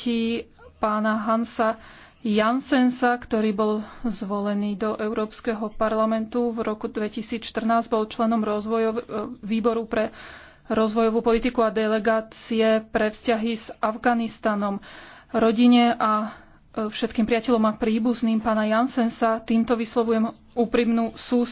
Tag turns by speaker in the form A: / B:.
A: smrti pána Hansa Jansensa, ktorý bol zvolený do Európskeho parlamentu v roku 2014, bol členom rozvojov, e, výboru pre rozvojovú politiku a delegácie pre vzťahy s Afganistanom. Rodine a e, všetkým priateľom a príbuzným pána Jansensa týmto
B: vyslovujem úprimnú sústavu.